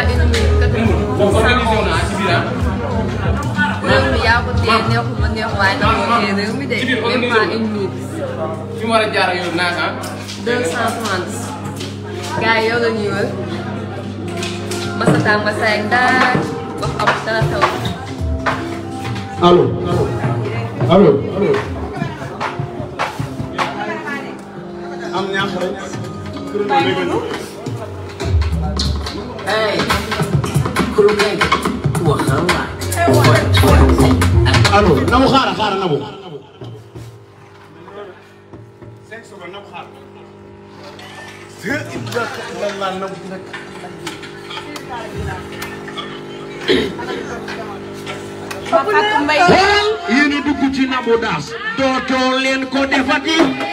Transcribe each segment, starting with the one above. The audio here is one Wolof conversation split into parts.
maa ennemi donc organisé wu naa ci biir ah. man yaa ko dee neexuma neex waaye nag moo dee réew mi de même maa ennemi. fi mu war a jaar yow naa ka. 230. gars yi yow la ñuy wër. Masata Mbassay ak daal wax am dara taw. allo allo allo. am ñaax rek. allo nabu xaaral xaaral nabu. cinq secondes nabu xaaral. yéen a dugg ci nabu daas. dootoo leen ko defati.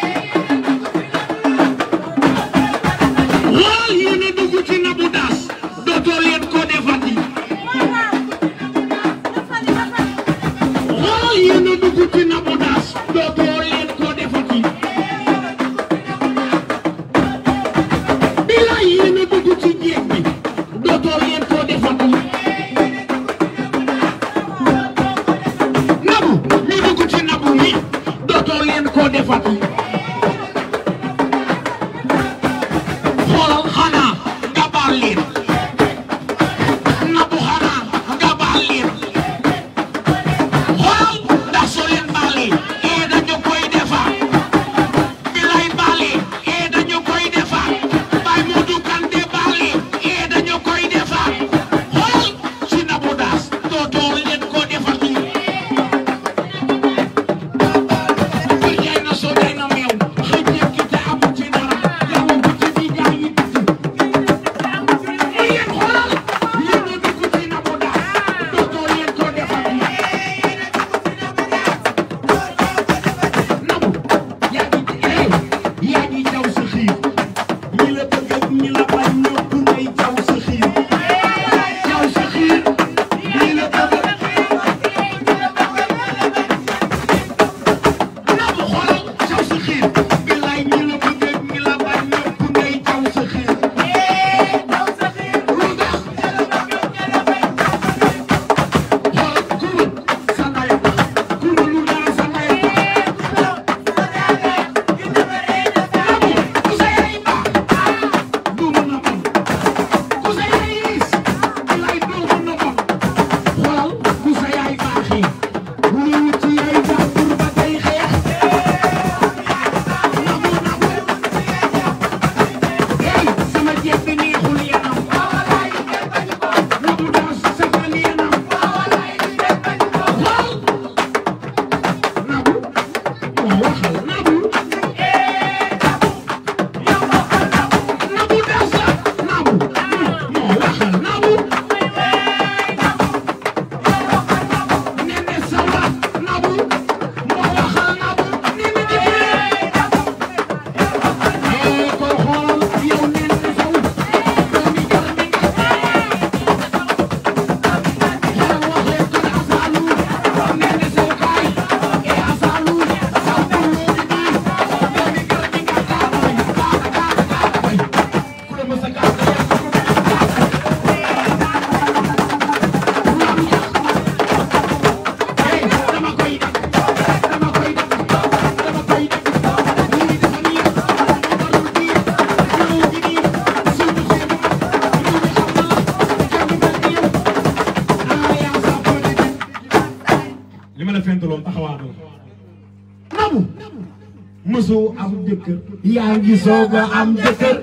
jëkkër yaa ngi soog a am jëkkër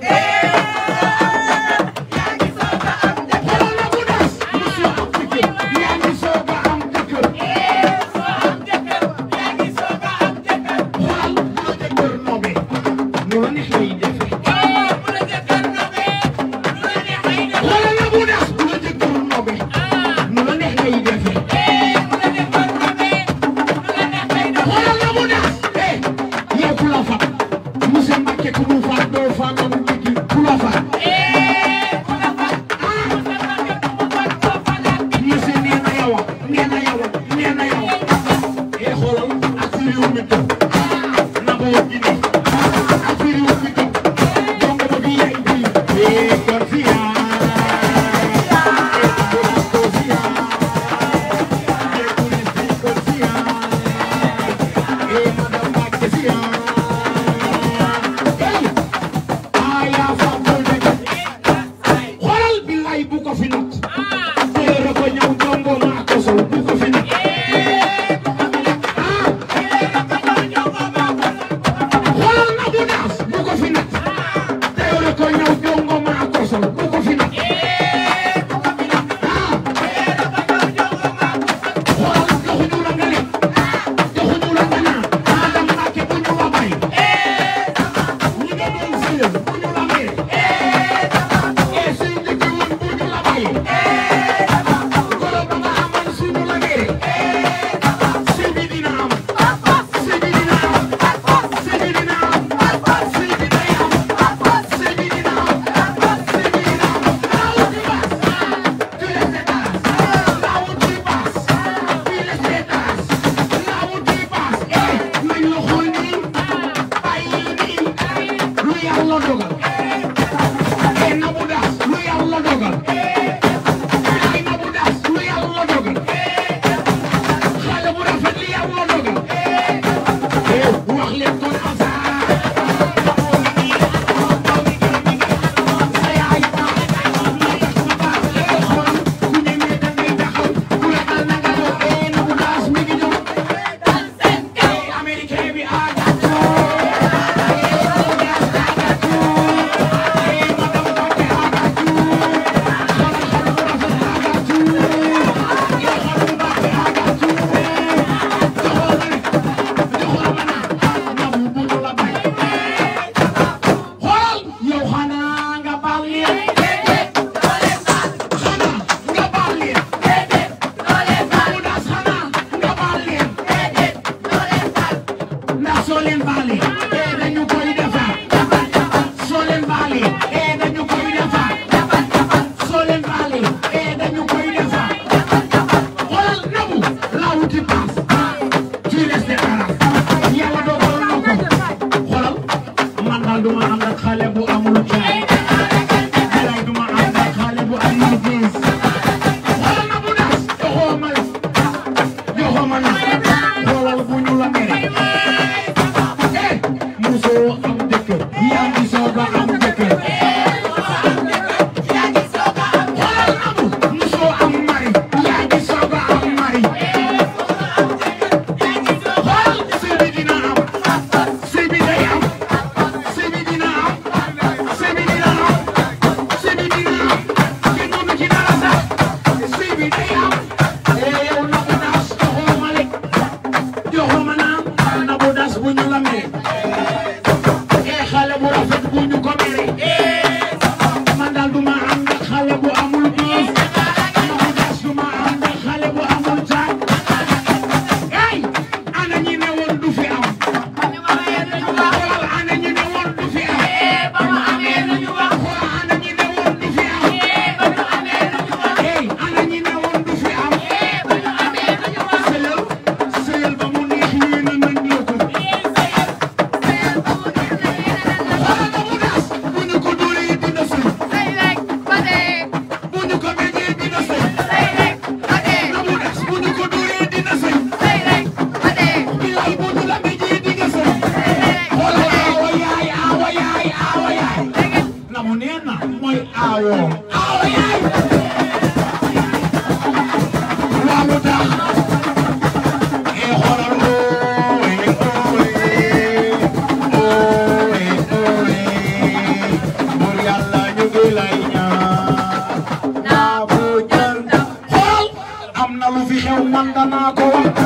lu fi xew man danaa ko wax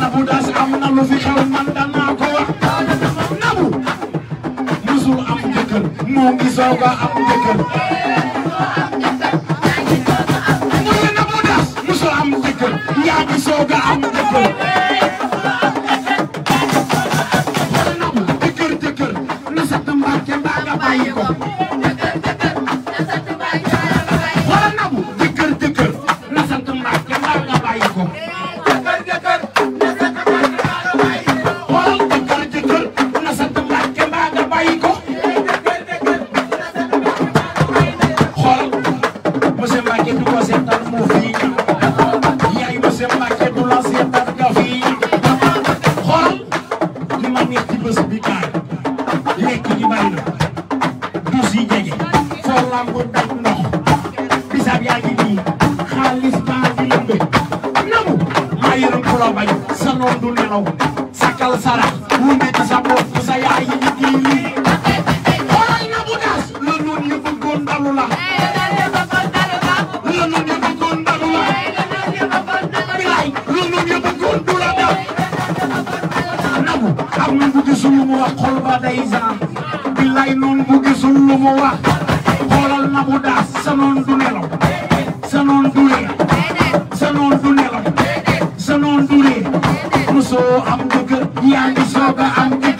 Nabou Dash am na lu fi xew man danaa ko wax Nabou musul am jëkkër moo ngi soog a am jëkkër mu ne Nabou Dash musul am jëkkër yaa ngi soog a am jëkkër wax sa noon du nelaw sa noon du ree sa noon am dëgg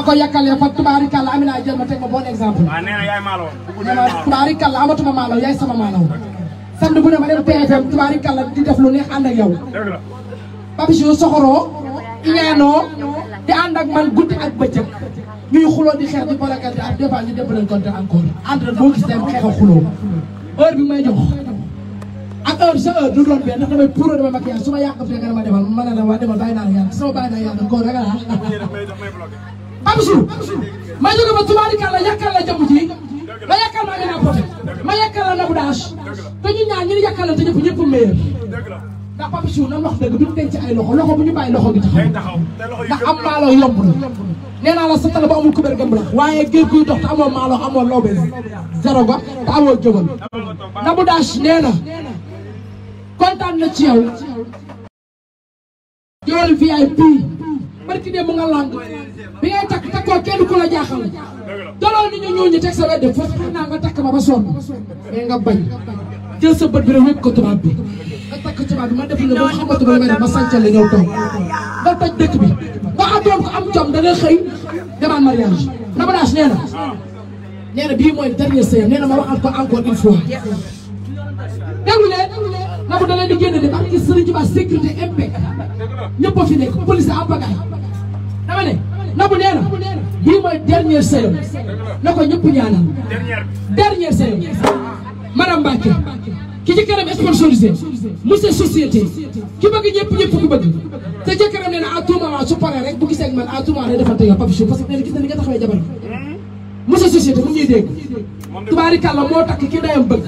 ma ko yàkkalee fa tubaarikàlla Amina jël ma teg ma bon exemple. waaw nee na yaay maalaw. nee naa tubaarikàlla yaay sama maalaw. samedi bu ne ma dem TFM tubaarikàlla di def lu neex ànd ak yow. Pape ak man guddi ak bëccëg. ñuy xuloo di xeex di bolokante ak des fois ñu démb leen compte encore ànd na boo gis dem xeex a xuloo heure bi may jox ak heure sa heure du doon benn ndax damay pour damay maquillage su ma yàq fee nga dama demal ma ne la waa demal bàyyi naa la yàlla sama bàyyi naa Amsu ma jóge ba tubaarikàlla yàkkal la jëmm ji ba yàkkal ma Amina Poté ma yàkkal la Nabou Dash te ñu ñaar ñu yàkkalante ñëpp ñëpp meer ndax Papichou nan wax dëgg duñ denc ay loxo loxo bu ñu bàyyi loxo gi taxaw ndax am maaloo yomb na nee naa la sa tala ba amul kubéer gëm la waaye géej guy dox te amoo maaloo amoo loobe zero ga te amoo jógal Nabou Dash nee na kontaan na ci yow. yow VIP mu nga lang bi ngay takk takkoo kenn ku la jaaxal daloo nit ñu ñooñu teg sa wedd foofu xam naa nga takk ma ba sonn mais nga bañ jël sa bët bi rek wékk ko tubaab bi nga takk tubaab bi ma def la ba xamatu ma mel ma sàncal la ñëw toog nga toj dëkk bi ba adoon ko am jom da xëy demaan mariage namadaas nee na nee bii mooy dernier sëyam nee na ma waxal ko encore une fois déglu leen nabu da leen di génn de parce que Serigne Touba sécurité impec ñëpp a fi nekk police en pagaille dama Nabou nee na bii mooy dernier séyam na ko ñëpp ñaanal dernier séyam madame Mbacké ki ci kanam sponsorisé monsieur société ki bëgg ñëpp ñëpp ku bëgg te jëkkëram nee na à tout moment su paree rek bu gisee ak man à tout moment day defante yow Pape Chou parce que nee na gis na ni nga taxawee jabar monsieur société mu ngi ñuy dégg tubaarikàlla moo takk ki ndeyam bëgg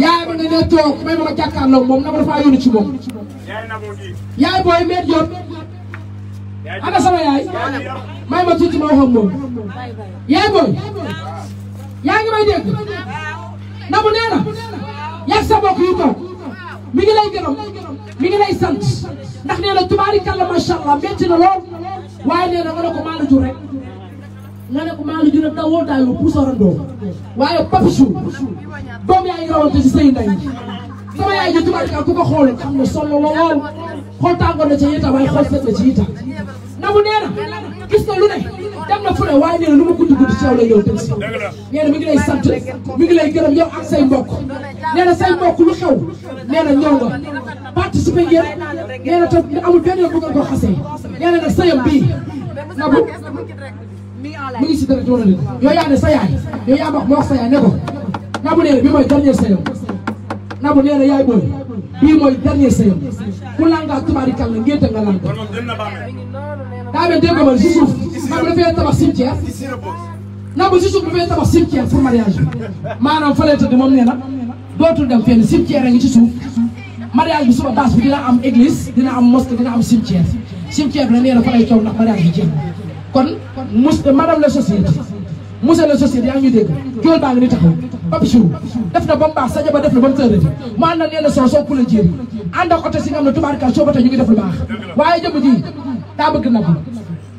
yaay ma nga ne toog may moom na ma dafaa yónni ci moom yaay booy ana sama yaay may ma tuuti ma wax ak moom yaay yaa ngi may dégg na mu nee na yàgg sa mbokk yu toog mi ngi lay gërëm mi ngi lay sant ndax nee na tubaarikàlla macha allah na lool waaye nee nga ne ko maalu jur nga ne ko maalu jur rek da woo daayoo puusorandoo waaye papichou doom yaa ngi rawante ci sëy ndey sama yaay ji tubaarikàlla ku ko xool xam ne solo lool xol tàngoor na ci yitam waaye xol set na ci yitam na mu nee na gis ne dem na fu waaye nee lu mu gudd ci yow la yow tëg mi ngi lay sant mi ngi lay gërëm yow ak mbokk nee say mbokk lu xew nee na ñëw nga participer ngeen amul benn yoon bu ngeen ko na nag sayam na bu mi ngi si dara joona leen yow yaa ne yaa wax ma wax sa ne ko na mu nee bi mooy dernier sayam Nabou nee na yaay booy bii mooy dernier séyam ku langaa tubaarikàlla ngénte nga langa daa mel dégg nga ma si suuf Nabou dafay tabax cimetière Nabou si suuf dafay tabax cimetière pour mariage bi maanaam fa lay tëdd moom nee na dootul dem fenn cimetière a ngi ci suuf mariage bi suba bâche bi dina am église dina am mosquée dina am cimetière cimetière bi la nee na fa lay coow ndax mariage bi jeex kon mus madame la monsieur le société yaa ngi dégg jool baa ngi ni taxaw Papichou def na ba mu baax saña ba def na ba mu tërëti mu ànd na nee na soo soo kula jéeri ànd ak oto si nga ngi def lu baax waaye jëm ji daa bëgg na ko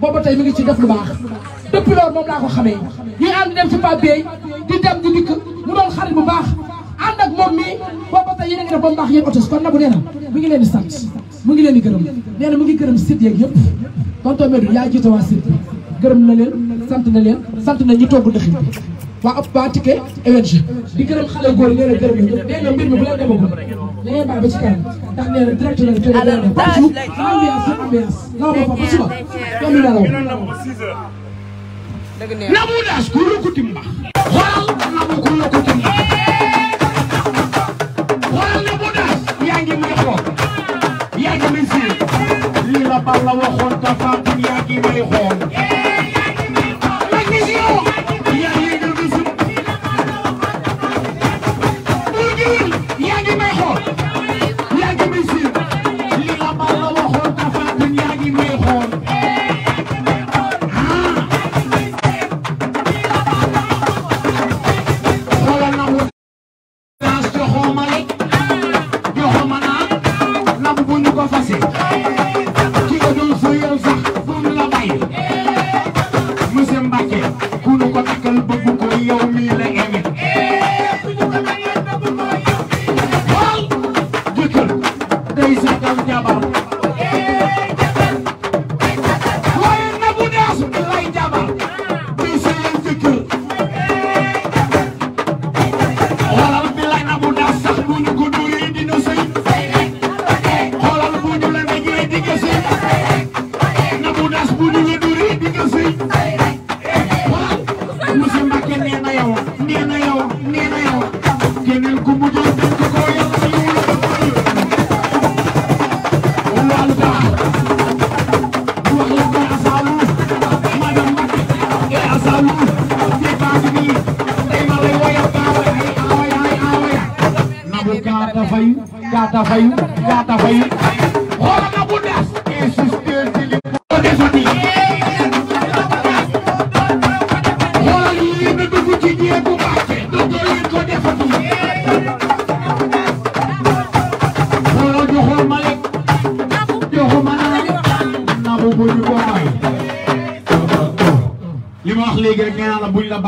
booba tey mi ngi ci def lu baax depuis loolu moom laa ko xamee ñuy ànd dem ci Pape di dem di dikk mu doon xarit bu baax ànd ak moom mii booba tey yéen a def ba mu baax yéen oto si kon nabu nee na ngi leen di mu ngi leen gërëm nee mu ngi gërëm gërëm na leen sant na leen sant na ñi togg dëxin bi waa ab waa Tické ENG di gërëm xale góor yi nee na gërëm na ñëpp nee na mbir mi bu leen demagul da ngeen bàyyi ba ci kanam ndax nee na direct la télé par jour ambiance sur ambiance law ma fa ba suba kenn du nelaw namu daas ku lukkuti mbax xoolal namu ku lukkuti mbax xoolal namu daas yaa ngi may xool yaa ngi may séen lii la Balla waxoon dafa am yaa ngi may xool comme ni ko fase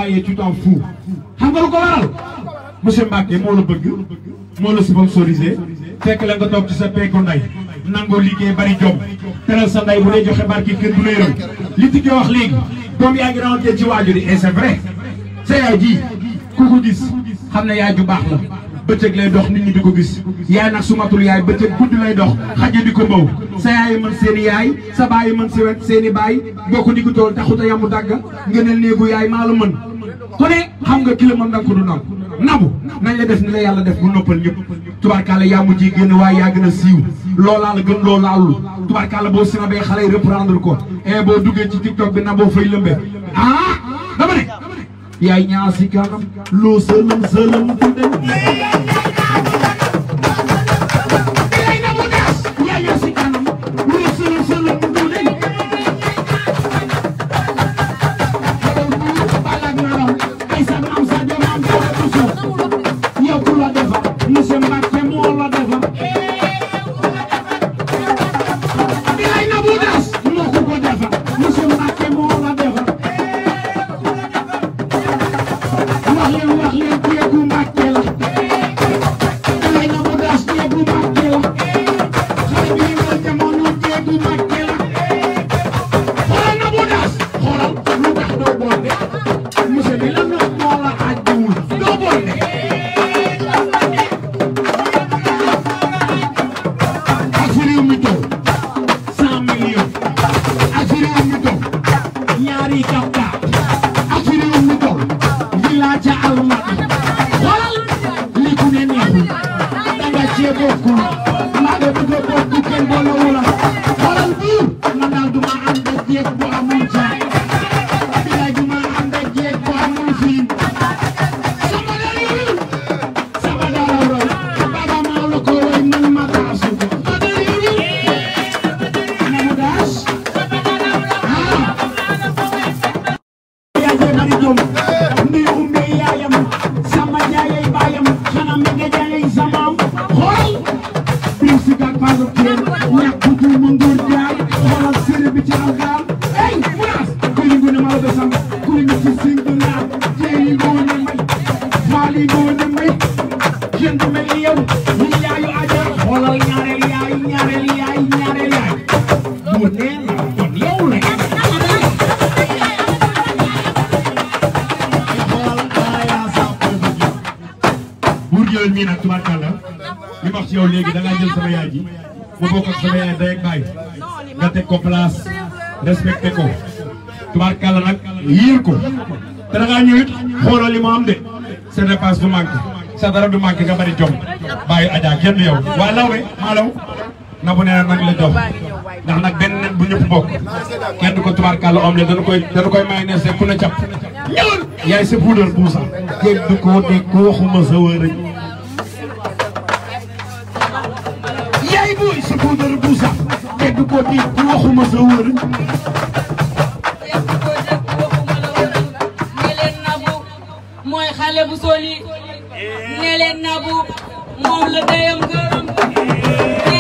bàyyee tu t'en fous xam nga lu ko waral monsieur Mbacke moo la bëgg moo la sponsorisé fekk la nga toog ci sa peeku nday nangoo liggéey bari jom teral sa nday bu a joxe barki kenn du lay li tiggee wax léegi doom yaa ngi rawante ci waajur yi et c'est sa yaay ji ku ko gis xam ne yaay ju baax la bëccëg lay dox nit ñi di ko gis yaay nag su matul yaay bëccëg guddi lay dox xaje di ko mbaw sa yaay mën seen yaay sa baay mën seen i baay bokk di ko tool taxut a yamu dàgg nga ne néegu la mën ku xam nga ki la mën danga ko du naw nabu nañ la def ni la yàlla def bu noppal ñëpp tubaarkaala yaa mujjee génn waaye yaa gën a siiw loolaa la gën loolaalu tubaarkaala boo sinabee xale yi reprendre ko e boo duggee ci tiktok bi naboo fay lëmbe ah dama ne yaay ñaasi kanam loo sëlëm sëlëm buur jëlal mii nag tubaarkàlla li ma wax ci yow léegi da ngaa jël sama yaay ji mu bokk ak sama yaay day ak nga teg ko place respecté ko tubaarkàlla nag yiir ko te da ngaa ñëw it xooloo li mu am de sa dépense du manqué sa dara du manqué nga bari jom bàyyi Adja kenn yow waa Lawbe maa law na bu nee nag la jox ndax nag benn ñëpp bokk kenn du ko tubaarkàlla om ne dañu koy dañu koy yaay sa puudar buusa kenn du ko ne ko waxuma sa wërëñ yaay booy mooy xale bu soli ne leen moom la dayam gërëm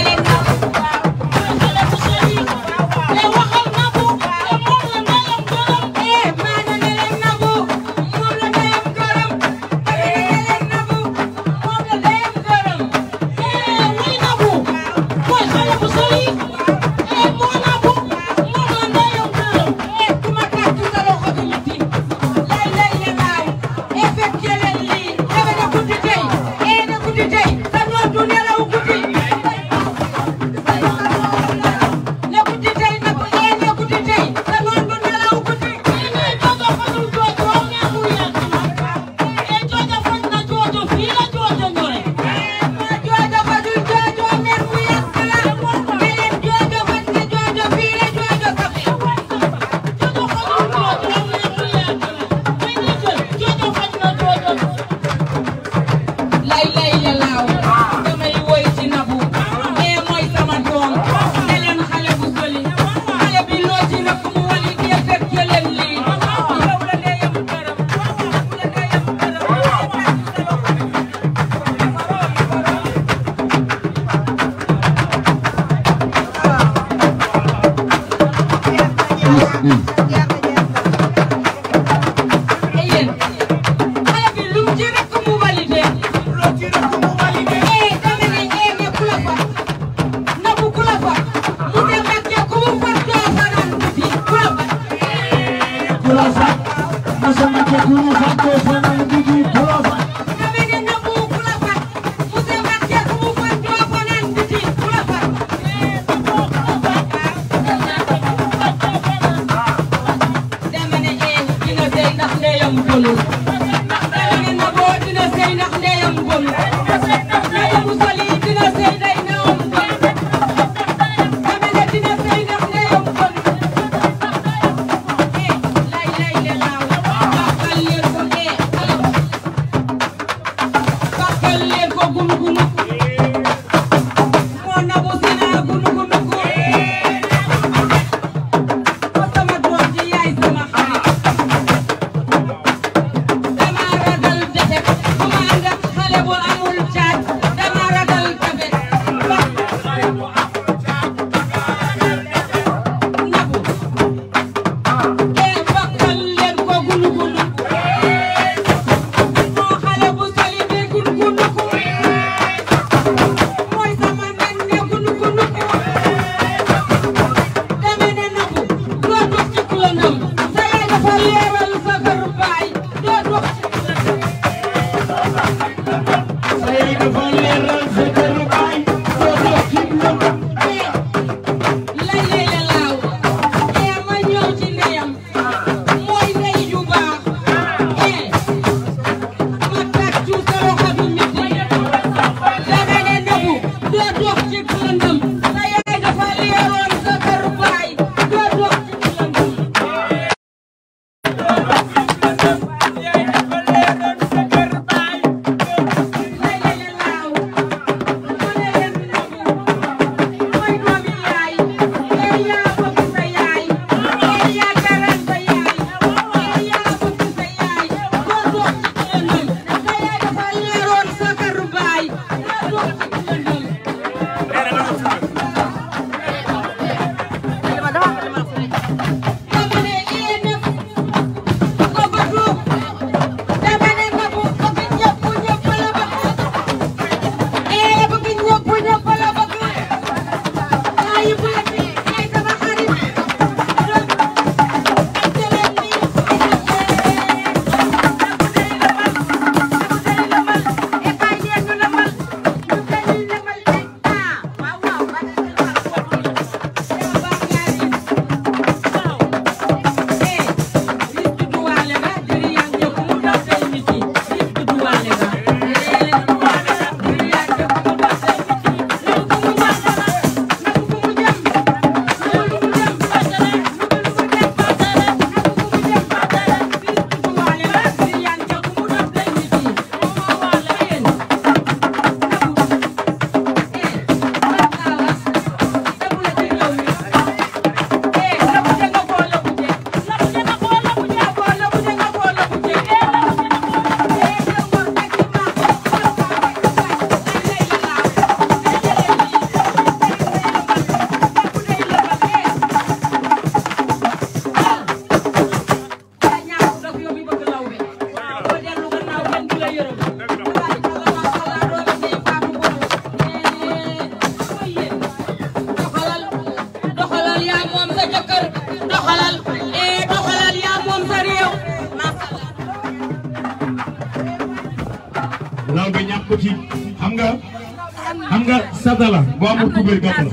amul kubéer gàttal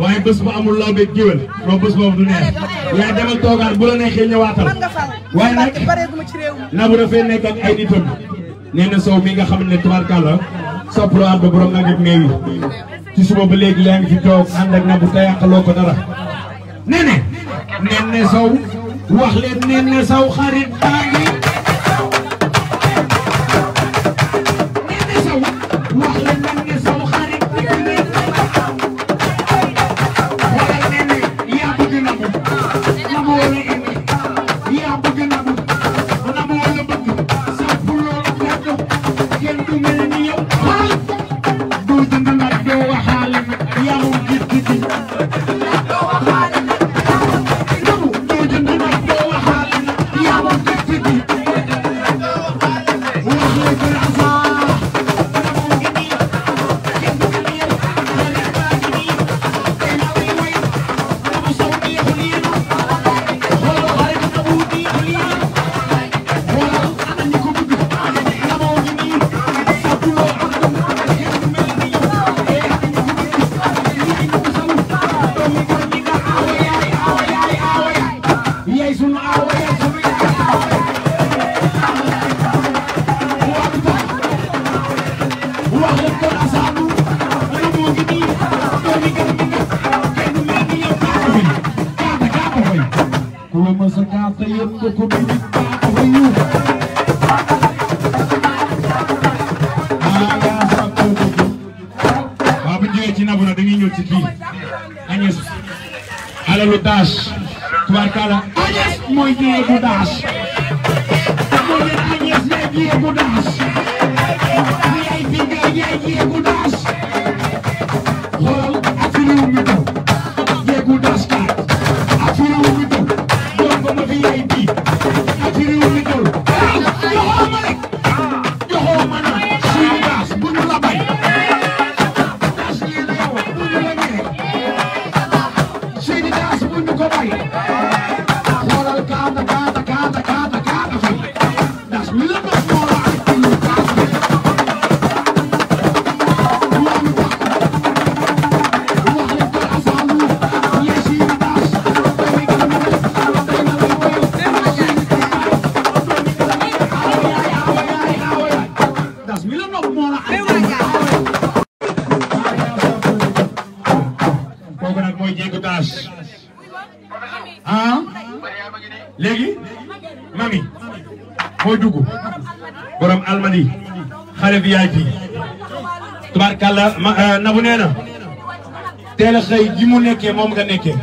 waaye bés bu amul law beeg jiwal non bés boobu neex yaay demal toogaat bu la neexee ñëwaatal waaye nag nabu dafay nekk ak ay nitam nee na sow mi nga xam ne tubaarkàlla sopp loo am ba borom nag ak meew yi ci suba ba léegi yaa ngi fi toog ànd ak nabu te yàqaloo ko dara nee na nee na sow wax leen nee na xarit na ma eh, Nabou nee na teel a xëy moom nga nekkee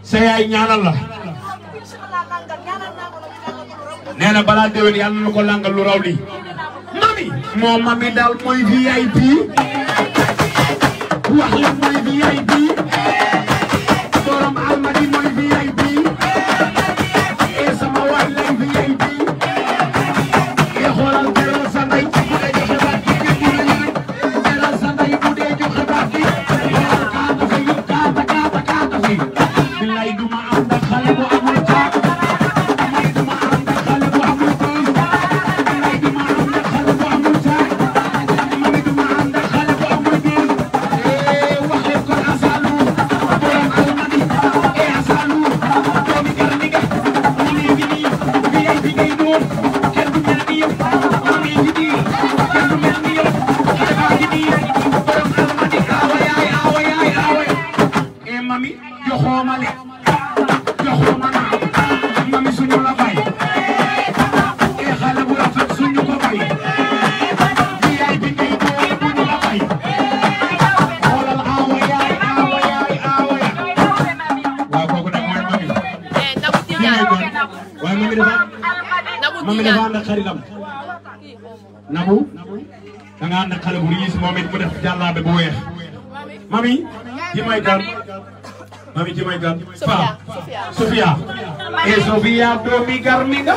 sa yaay ñaanal la nee na balaa déwén yàlla na ko langal lu raw lii mami moo mami daal mooy VIP wax mu def jàllaabe bu weex. mami ji may kan mami ji may Sofia. Sofia. et Sofia doomi gar mi nga.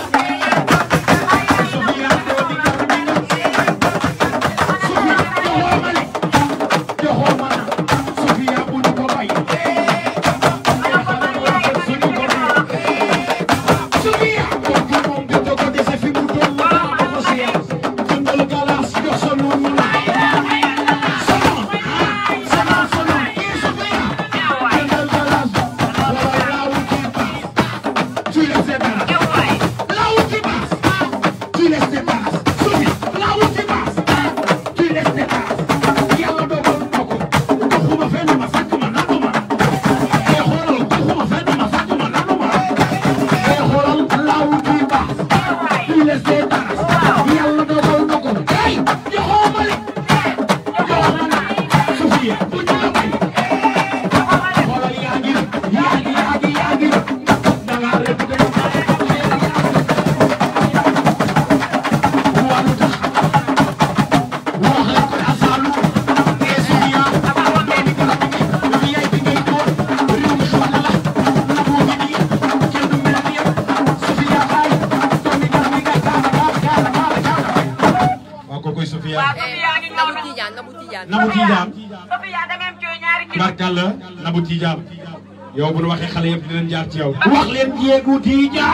yow bu a waxee xale yëpp dinañ jaar ci yow. Ah. wax leen jéegu Tija.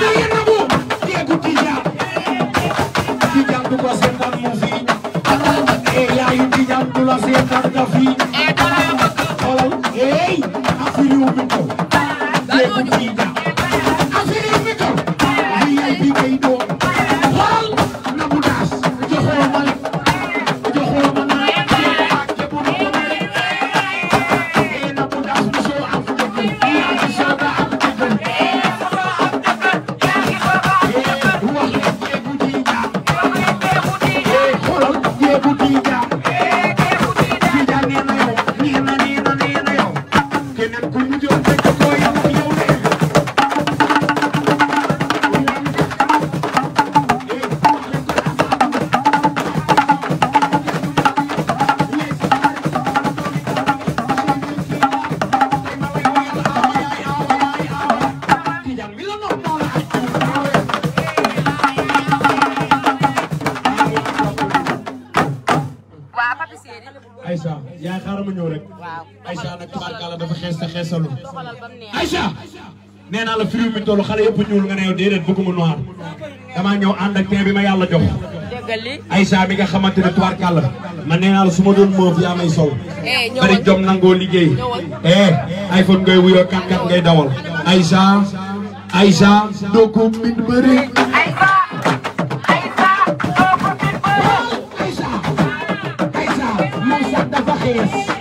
dégg nga bu jéegu Tija. Tija du ko seetaan mu fi. Eh, yaayu Tija du la seetaan nga fi. fi xale yëpp ñuul nga ne yow déedéet bëgguma noir damaa ñëw ànd ak teint bi ma yàlla jox. Aïssa bi nga xamante ne tuwaar ma man naa la su ma doon moof yaa may sol bari jom nangoo liggéey eh iPhone ngay wuyoo kat kat ngay dawal Aïssa Aïssa doo ko mbind bëri Aïssa doo ko mbind bëri Aïssa dafa xees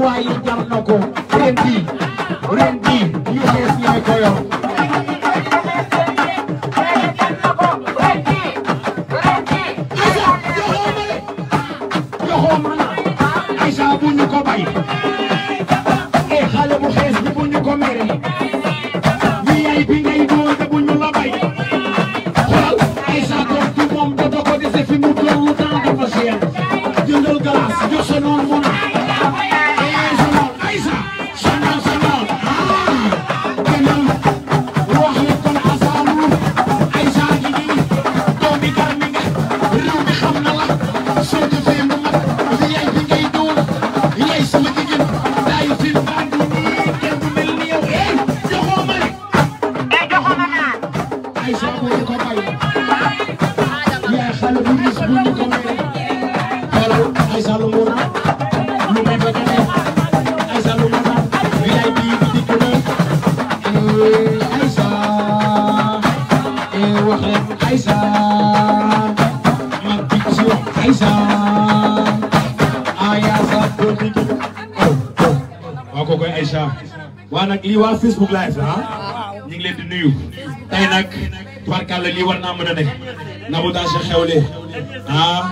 waaye jar na ko ren jii ren jii yu bees ñooy ko yor wax leen Aïssa man picc si wax Aïssa ayaasa góor ñi kii waaw kooku Aïssa waa nag lii waa Facebook live la ah. ñu ngi leen di nuyu tey nag tubarkàlla lii war naa mën a ne Nabou Dash xewle ah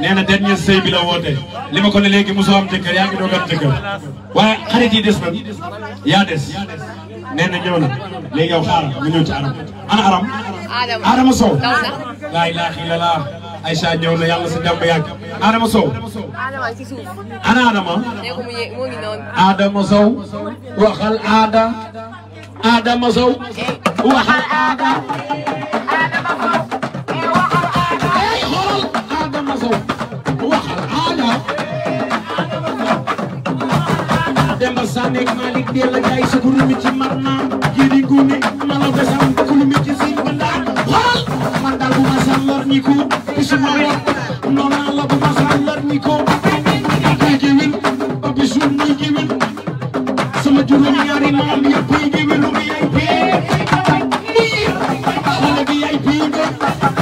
nee na dernier sëy bi la woote li ma ko ne léegi mosoo am jëkkër yaa ngi doog am jëkkër waaye xarit yi des na yaa des nee na ñëw na léegi yow xaaral ñu ñëw ci aram ana aram Adama Sow laa ilaaha illallaah Aïcha ñëw na yàlla sa jàmm yàgg Adama Sow ana Adama Adama Sow waxal aada Adama Sow waxal aada Demba Sané Malick Della Gaye sukuru mi ci mar naa jëriñ guune mala besam larniko bisumari nona allah baba sa larniko koy gewel ba bisum ni gewel sama juróom ñaari maam yëpp yi gewelu VIP VIP VIP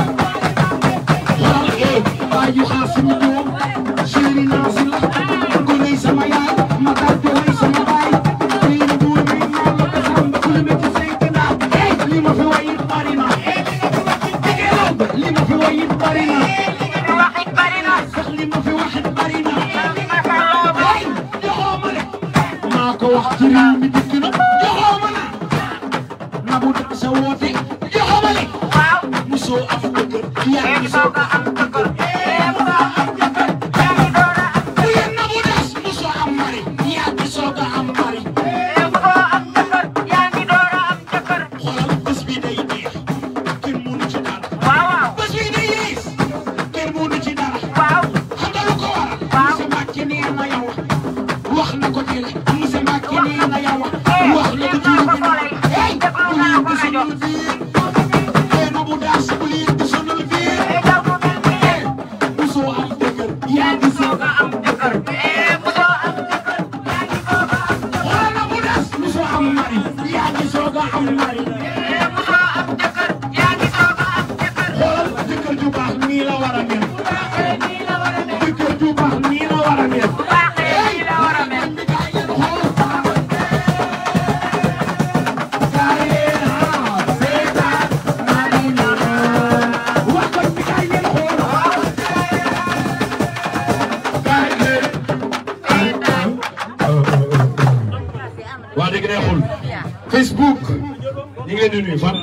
ñu di nuyu fan.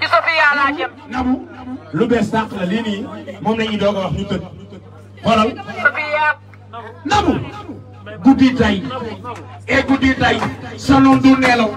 ci Sofia laa jëm. nabu lu bees sàq la lii nii moom la ñuy doog a wax ñu tëj. xoolal. guddi tay. et eh, guddi tay. salon du nelaw.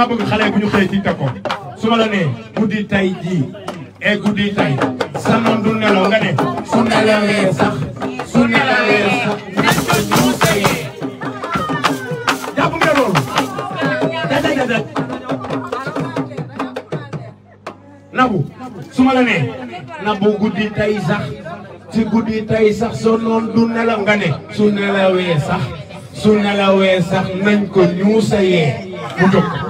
damaa bëgg xale yi bu ñu xëy ci teg ko su ma la nee guddi tay jii e eh guddi tay sa noon du nelaw nga ne su nelawee sax su nelawee sax nañu tayee jàpp nga loolu dadadadad nabu su ma la nee nabu guddi tay sax ci guddi tay sax sa noon du nelaw nga ne su nelawee sax su nelawee sax nañ ko ñuusayee mu jóg